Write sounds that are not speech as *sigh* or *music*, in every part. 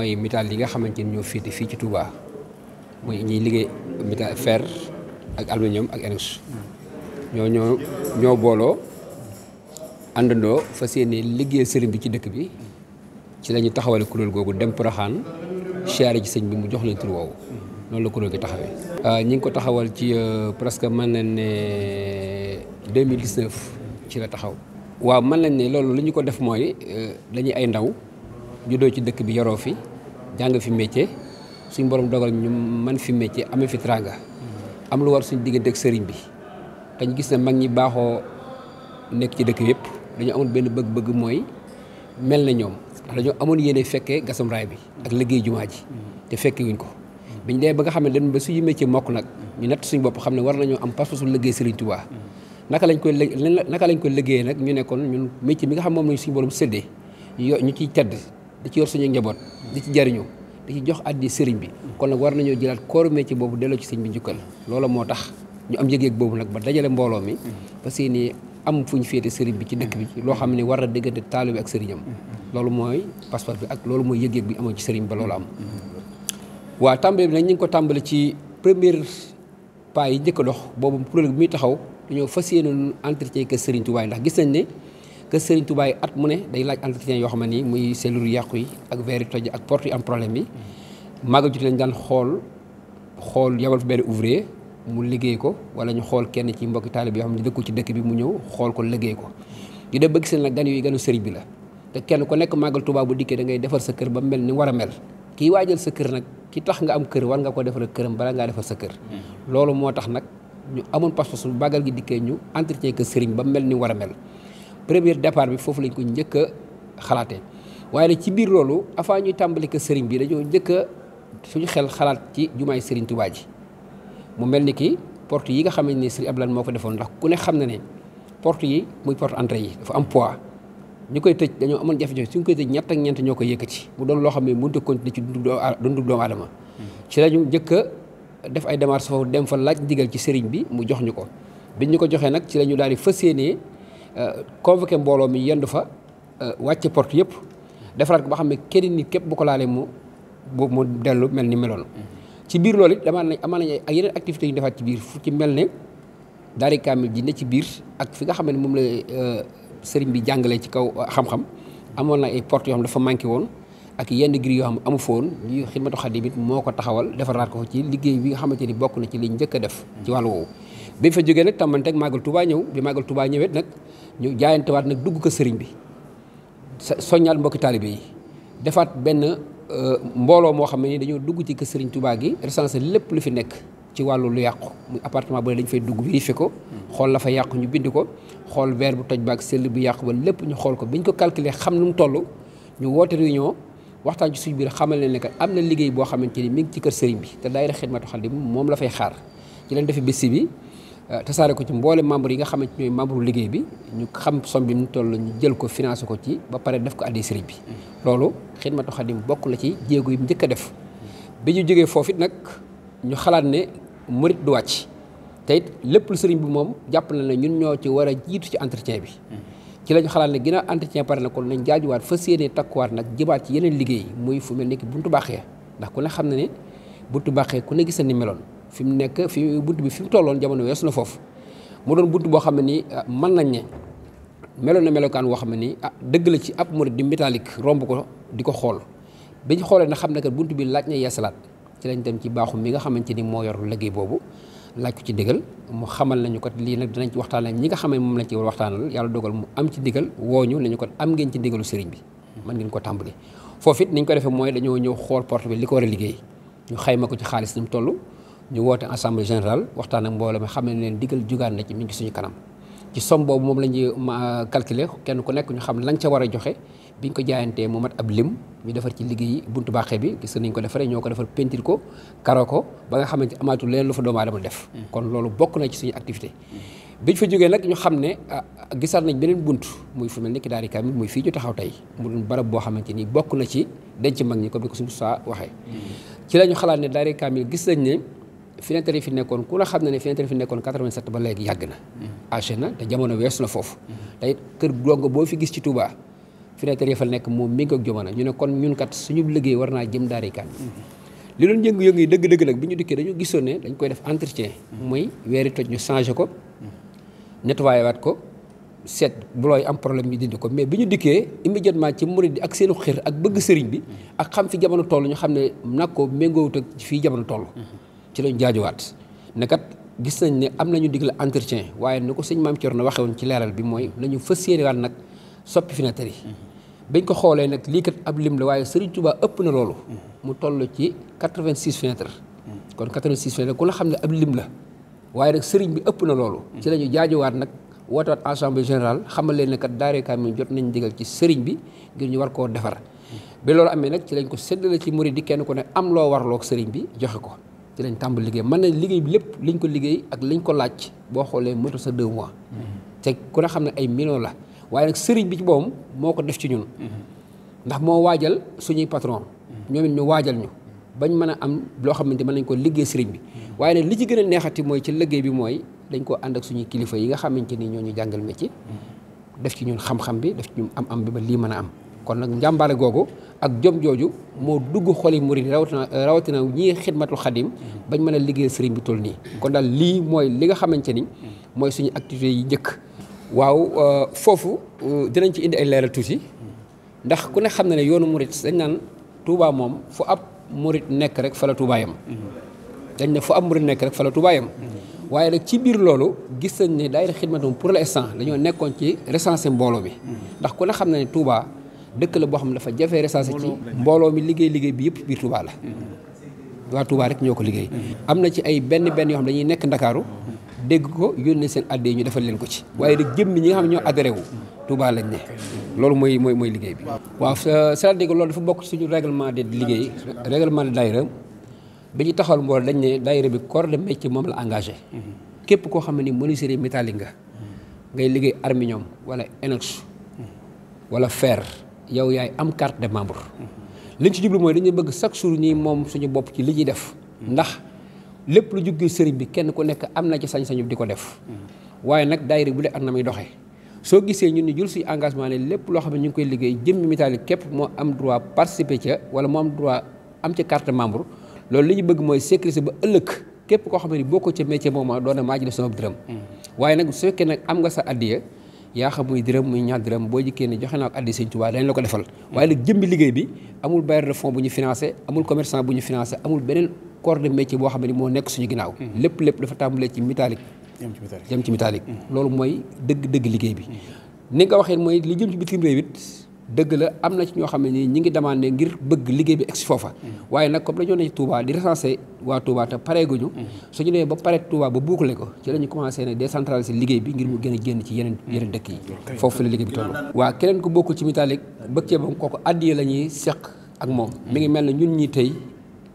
mooy métal yi nga xamante ni ñoo féete fii ci Touba mooy ñuy liggéey métal fer ak aluminium ak inox ñoo ñoo ñoo booloo àndandoo fa yéene liggéey sëriñ bi ci dëkk bi ci lañu taxawale kuréel googu dem Poroxaan siyaare ci sëñ bi mu jox leen tur woowu noonu la ah, ñi ngi ko taxawal ci euh, presque mën nañ ne 2019 ci la taxaw. waaw mën nañ ne loolu li ñu ko def mooy euh, dañuy ay ndaw juddoo ci dëkk bi yaroo fi. jàng fi métier suñ borom dogal ñu man fi métier amee fi tranga am lu war suñ diggante ak sëriñ bi dañ gis ne mag ñi baaxoo nekk ci dëkk yëpp dañu amoon benn bëgg-bëgg mooy mel na ñoom ndax dañoo amoon yéene fekkee gasam raay bi ak liggéey jumaa ji te fekke wuñ ko biñ dee ba nga xam ne dem ba suñu métier mokk nag ñu natt suñ bopp xam ne war nañoo am pas-pasu liggéey sëriñ Tuubaa naka lañ koy naka lañ koy liggéeyee nag ñu nekkoon ñun métier bi nga xam moom lañ suñu borom séddee ñu ciy tedd di ci yor suñu njaboot di ci jariñoo di ci jox addi sëriñ bi kon nag war nañoo jëlaat corps ci boobu delloo ci sëriñ bi njukkal loola moo tax ñu am yëg-yëg boobu nag ba dajale mbooloo mi parce que ni am fu ñu féete sëriñ bi ci dëkk bi loo xam ne war na diggante taalibe ak sëriñam loolu mooy passeport bi ak loolu mooy yëg-yëg bi amoon ci sëriñ ba loolu am waa tàmbali bi nag ñu ngi ko tàmbali ci première pas yi njëkk dox boobu kuréel bi muy taxaw dañoo fas yéene entretien que sëriñ Tuubaa ndax gis nañ ne que Serigne Touba yi at mu ne day laaj entretien yoo xam ne nii muy cellule yàqu yi ak verre yi toj ak porte yi am problème yi màggal jot lañ daan xool xool yabal fa benn ouvrier mu liggéey ko wala ñu xool kenn ci mbokki taalib yoo xam ne dëkku ci dëkk bi mu ñëw xool ko liggéey ko ñu def bëgg seen nag gan yooyu ganu sëriñ bi la te kenn ku nekk màggal tubaab bu dikkee dangay ngay defar sa kër ba mel ni war a mel ki waajal sa kër nag ki tax nga am kër war nga ko defal këram bala ngaa defal sa kër mm. loolu moo tax nag ñu amoon pas-pas bu màggal gi dikkee ñu entretien que sëriñ ba mel ni war a mel premier départ bi foofu lañ ko njëkk xalaatee waaye nag ci biir loolu avant ñuy tàmbali ko sëriñ bi dañoo njëkk a suñu xel xalaat ci jumaay sëriñ Tuubaa ji mu mel ni ki port yi nga xam ne sëriñ Abdoulaye moo ko defoon ndax ku ne xam ne ne porte yi muy porte entrée yi dafa am pois ñu koy tëj dañoo amoon jafe-jafe suñ koy tëj ñett ak ñeent ñoo koy yëkkati mu doon loo xam ne mënut a continuer ci dundu doomu aadama hmm. ci lañu njëkk a def ay démarches foofu dem fa laaj ndigal ci sëriñ bi mu jox ñu ko biñ ko joxee nag ci la daal di fas yéenee Euh, convoqué mbooloo mi yendu fa euh, wàcce porte yëpp defaraat ko ba xam ne kenn nit képp bu ko laalee mu mu dellu mel ni meloon. ci biir loolu it damaa nañ amaa nañ ay yeneen activité yu ñu defaat ci biir fu ci mel ne daari kaamil ji ne ci biir ak fi nga xam ne moom la euh, sëriñ bi jàngalee ci kaw xam-xam amoon na ay portes yoo xam dafa manqué woon. ak yenn gri yoo xam ne amu foon yi xidmatu xadim it moo ko taxawal defaraat ko ci liggéey bi nga xamante ni bokk na ci li njëkk a def ci wàllu woowu bi fa jógee nag tàmbanteeg màggal Touba ñëw bi màggal Touba ñëwet nag ñu jaayantewaat nag dugg ko sëriñ bi soññaat mbokki taalibe yi defaat benn euh, mbooloo moo xam ne ni dañoo dugg ci kër sëriñ Touba gi recensé lépp lu fi nekk ci wàllu yàqu muy appartement bu ne dañ fay dugg vérifié ko xool la fa ñu bind ko xool verre bu toj baak sell bu yàqu ba lépp ñu xool ko bi ñu ko calculé xam nu mu toll ñu woote réunion waxtaan ci suñu biir xamal leen ne que am na liggéey boo xamante ni mi ngi ci kër sëriñ bi te daayira xidmatu xadim moom la fay xaar ci leen defe bissi bi Euh, tasaare ko ci mboole membre yi nga xamante ñooy membre liggéey bi ñu xam som bi ñu toll ñu jël ko financé ko ci ba pare def ko addi sëriñ bi loolu Xidmatul Xadim bokk la ci jéego yi mu njëkk def bi ñu jógee foofu nag ñu xalaat ne murit du wàcc te lépp lu sëriñ bi moom jàpp na ne ñun ñoo ci war a jiitu ci entretien bi ci la ñu xalaat ne ginnaaw entretien pare na kon nañ jaajuwaat fas yéenee takkuwaat nag jëbaat ci yeneen liggéey muy fu mel ni ki buntu baaxee ndax ku ne xam na ne buntu baaxee ku ne gis na ni meloon fi mu nekk fi bunt bi fi mu tolloon jamono wees na foofu mu doon bunt boo xam ne nii ah, mën nañ ne meloon na melokaan woo xam ne nii ah dëgg la ci ab murid di métallique romb ko di ko xool bi ñu xoolee na xam ne que bunt bi laaj na yeesalaat ci lañ dem ci baaxu mi nga xamante ni moo yor liggéey boobu laaj ci digal mu xamal nañu kat lii nag dinañ ci waxtaan ñi nga xam ne moom lañ ci war waxtaanal yàlla dogal mu am ci digal wooñu nañu ko am ngeen ci digalu sëriñ bi mën ngeen ko tàmbali foofu it niñ ko defee mooy dañoo ñëw xool port bi li ko war a liggéey ñu xayma ko ci xaalis ni mu toll ñu woote assemblée générale waxtaan ak mbooloo mi xam ne leen digal jugaan na ci mi suñu kanam ci somme boobu moom la ñuy calculer kenn ku nekk ñu xam lañ ca war a joxe biñ ko jaayantee mu mat ab lim ñu defar ci liggéey buntu baaxee bi gis nañ ko defaree ñoo ko defar pentir ko karo ko ba nga xamante amaatul leen lu fa doomu aadama def. Hmm. kon loolu bokk na ci suñu activité. biñ fa jógee nag ñu xam ne ah, gisaat nañ beneen bunt muy fu mel ni ki daari kaamil muy fii ñu taxaw tey mu doon barab boo xamante ni bokk na ci denc mag ñi ko ni ko suñu saa waxee. Hmm. ci la ñu xalaat ne daari kaamil gis nañ ne. Finetri fi nekkoon ku la xam ne ne Finetri fi nekkoon 87 ba léegi yàgg na. Mm-hmm. àgg na te jamono weesu na foofu. Mm-hmm. tey kër dong boo fi gis ci Touba. yi fa nekk moom mi ngi ak jamono ñu ne kon ñunkat kat suñu liggéey war naa jëm daari mm-hmm. li doon yëngu-yëngu yi dëgg-dëgg nag bi ñu dikkee dañu gisoon ne dañ koy def entretien. mooy weeri toj ñu changé ko. nettoyé waat ko. seet looy am problème ñu dindi ko mais bi ñu dikkee immédiatement ci murid ak seenu xir ak bëgg sëriñ bi ak xam fi jamono toll ñu xam ne nag ko méngoowut ak fii jamono toll ci lañ jaajuwaat ne kat gis nañ ni am nañu digle entretien waaye ni ko sëñ maam Thierno waxee woon ci leeral bi mooy nañu fas yéenewaat nag soppi fenêtre yi bañ ko xoolee nag lii kat ab lim la waaye Serigne Touba ëpp na loolu mu toll ci 86 fenêtre kon 86 fenêtre ku la xam ne ab lim la waaye nag Serigne bi ëpp na loolu ci la ñu jaajuwaat nag wootaat assemblée générale xamal leen ne kat daare kaamil jot nañ digal ci Serigne bi ngir ñu war koo defar bi loolu amee nag ci lañ ko séddale ci murid yi kenn ku ne am loo warloo ak bi joxe ko ci lañ tàmbali liggéey mën nañ liggéey bi lépp liñ ko liggéey ak liñ ko laaj boo xoolee moto sa deux mois mm-hmm. te ku ne xam ne ay millions la waaye sëriñ bi ci boppam moo ko def ci ñun mm-hmm. ndax moo waajal suñuy patron mm-hmm. ñoom ñu waajal ñu bañ mën a am loo xamante mën nañ ko liggéey sëriñ bi waaye nag li ci gën a neexati mooy ci liggéey bi mooy dañ ko ànd ak suñuy kilifa yi nga xamante ni ñoo ñu jàngal métier def ci ñun xam-xam bi def ci ñun am am bi ba lii mën a am kon nag njàmbaare googu ak jom jooju moo dugg xoli murid rawatina rawatina ñii xidmatul xadim bañ mën a liggéey sëriñ bi toll nii kon daal lii mooy li nga xamante ni mooy suñu activités yi njëkk waaw euh, foofu euh, dinañ ci indi ay leeral tuuti ndax ku ne xam na ne yoonu murid dañ naan Touba moom fu ab murid nekk rek fa la dañ ne fu nekk rek fa la waaye nag ci biir loolu gis nañ ne daayira xidmatum pour l'instant dañoo nekkoon ci recensé mbooloo bi ndax ku ne xam na ne Touba dëkk la boo xam ne dafa jafee recensé ci mbooloo mi liggéey liggéey bi yëpp biir Touba la waa Touba rek ñoo ko liggéey am na ci ay benn benn yoo xam dañuy nekk Ndakaaru dégg ko yónnee seen adde ñu defal leen ko ci waaye nag jëmmi ñi nga xam ñoo adhéré wu Touba lañ ne loolu mooy mooy mooy liggéey bi waaw cest à loolu dafa bokk suñu règlement de liggéey règlement de daayira bi ñu taxawal mbooloo dañ ne daayira bi corps de moom la engagé képp koo xam ne ni menuiserie métallique nga ngay liggéey arminium wala inox wala fer yow yaay am carte de membre. liñ ci jublu mooy dañu bëgg chaque jour ñi moom suñu bopp ci li ñuy def. ndax lépp lu jógee sëriñ bi kenn ku nekk am na ci sañ-sañu di ko def. waaye nag daayira bu dee ak na muy doxee. soo gisee ñu ñu jël si engagement ne lépp loo xam ne ñu ngi koy liggéey jëm Mitali képp moo am droit participer ca wala moo am droit am ci carte membre loolu li ñu bëgg mooy sécuriser ba ëllëg képp koo xam ne boo ko ca métier moom doon na maa ci def sama dërëm. Mm. nag su sa addiya yaa xam muy dërëm muy ñaar dërëm boo jikkee ne joxe naa ko addi sëñ Tuubaa dañ la ko defal waaye nag jëmbi liggéey bi amul bailleur de fonds bu ñu financé amul commerçant bu ñu financé amul beneen corps de métier boo xam ne moo nekk suñu ginnaaw lépp lépp dafa tàmbalee ci métallique jëm ci métallique loolu mooy dëgg dëgg liggéey bi ni nga waxee mooy li jëm ci bitim réew it dëgg la am na ci ñoo xam ne nii ñi ngi demandé ngir bëgg liggéey bi egsi foofa mm-hmm. waaye nag comme dañoo ne ci Touba di recensé waa Touba te pareeguñu mm-hmm. suñu nee ba pare Touba ba bouclé ko ci la ñu commencé ne décentraliser liggéey bi ngir mu gën a génn ci yeneen mm-hmm. yeneen dëkk yi foofu la liggéey bi toll waa keneen ku bokkul ci Mitalik bëgg cee bam kooku ko la ñuy seq ak moom mi ngi mel na ñun ñi tey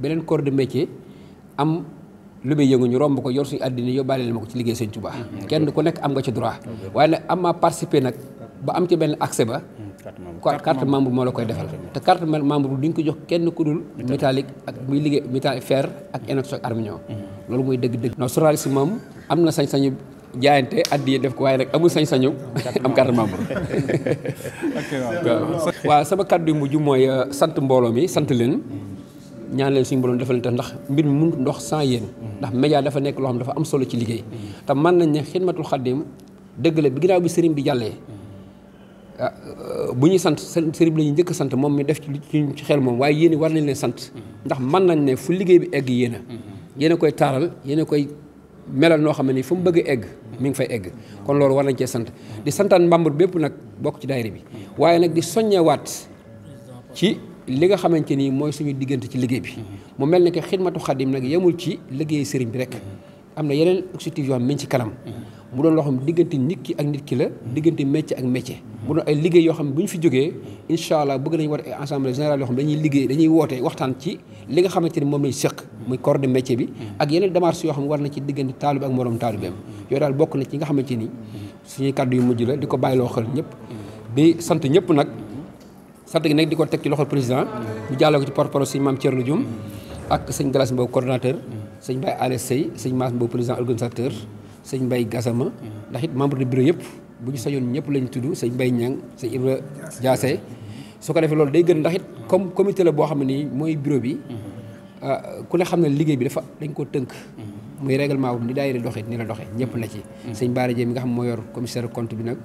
beneen corps de métier am lu muy yëngu ñu romb ko yor suñu àddina yóbbaale leen ma ko ci liggéey Sëñ Touba kenn ku nekk am nga ci droit waaye nag am nag ba am ci benn accès ba carte membre moo la koy defal te carte membre duñ ko jox kenn ku dul métallique ak muy liggéey métallique fer ak inox ak armignon mhm. loolu mooy dëgg-dëgg non journaliste moom am na sañ-sañu jaayante addi def ko waaye nag amul sañ-sañu am carte membre *laughs* waaw sama kàddu yi mujj mooy euh, sant mbooloo mi sant leen mhm. ñaan leen suñ boroom defal leen tax ndax mbir mi mënut ndox sans yéen mhm. ndax média dafa nekk loo xam dafa am solo ci liggéey te man nañ ne xidmatul xaddim dëgg la bi ginnaaw Ah, bu ñu sant sëriñ bi la ñuy njëkk sant moom mi def ci xel moom waaye yéen war nañ leen sant ndax mën nañ ne fu liggéey bi egg yéen a yéen a koy taaral yéen a koy melal noo xam ne fu mu bëgg egg mi ngi fay egg kon loolu war nañ cee sant di santaan membre bépp nag bokk ci daayira bi waaye nag di soññewaat ci li nga xamante ni mooy suñu diggante ci liggéey bi mu mel ne que xidmatu xadim nag yemul ci liggéey sëriñ bi rek am na yeneen objectif yoo xam ci kanam mu doon loo xam diggante nit ki ak nit ki la diggante métier ak métier mu doon ay liggéey yoo xam ne bu ñu fi jógee incha allah bëgg nañu war ay ensemble général yoo xam dañuy liggéey dañuy woote waxtaan ci li nga xamante ni moom lañ séq muy corps de métier ak yeneen démarche yoo xam ne war na ci diggante taalib ak moroom taalibeem yooyu daal bokk na ci nga xamante ni suñuy kàddu yu mujj la di ko bàyyiloo xel ñëpp di sant ñëpp nag sant gi nag di ko teg ci loxol président ñu jàllale ko ci porte-parole sëñ Mame Thierno Dioum ak sëñ Galas Mbow coordonnateur sëñ Baye Alès Sey sëñ Mass Mbow président organisateur sëñ mbay gasama ndax it membre de bureau yëpp bu ñu sañoon ñëpp lañ tudd sëñ Mbaye Niang sëñ Ibra Diassé su ko defee loolu day gën ndax it comme comité la boo xam ne nii mooy biro bi ah, ku ne xam ne liggéey bi dafa dañ koo tënk muy règlement bu ni daay di doxee ni la doxee ñëpp na ci sëñ Bara Dieng mi nga xam moo yor commissaire compte bi nag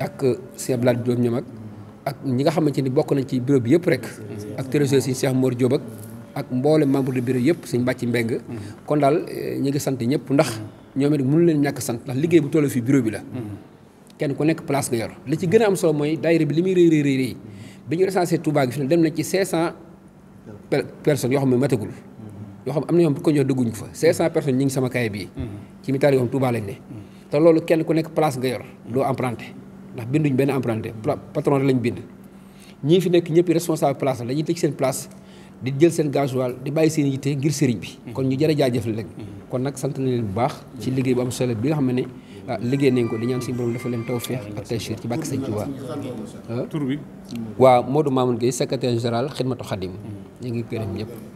ak sëñ Abdoulaye Diop ñoom ak ñi nga xamante ni bokk nañ ci bureau bi yëpp rek ak trésorier si Cheikh Mor Diop ak mboole membre de bureau yëpp suñ bàcci mbeng kon daal eh, ñu ngi sant ñëpp ndax ñoom it mënu leen ñàkk sant ndax liggéey bu tollu fii bureau bi la kenn ku nekk place nga yor li ci a ndax binduñ benn emprunté patron lañ bind ñii fi nekk ñëpp responsable place la dañuy tëj seen place di jël seen gasoil di bàyyi seen yitte ngir sëriñ bi mm-hmm. kon ñu jërë jaajëfal leen mm-hmm. kon nag sant na leen bu baax ci liggéey bu am solo bi nga xam ne ah, liggéey nañ ko di ñaan si borom dafa leen tawfeex ak taysiir ci bàkk sëñ Tuubaa mm-hmm. ah? tur bi waaw Modou Mamoun Gueye secrétaire général Xidmatu Xadim ñu ngi gërëm ñëpp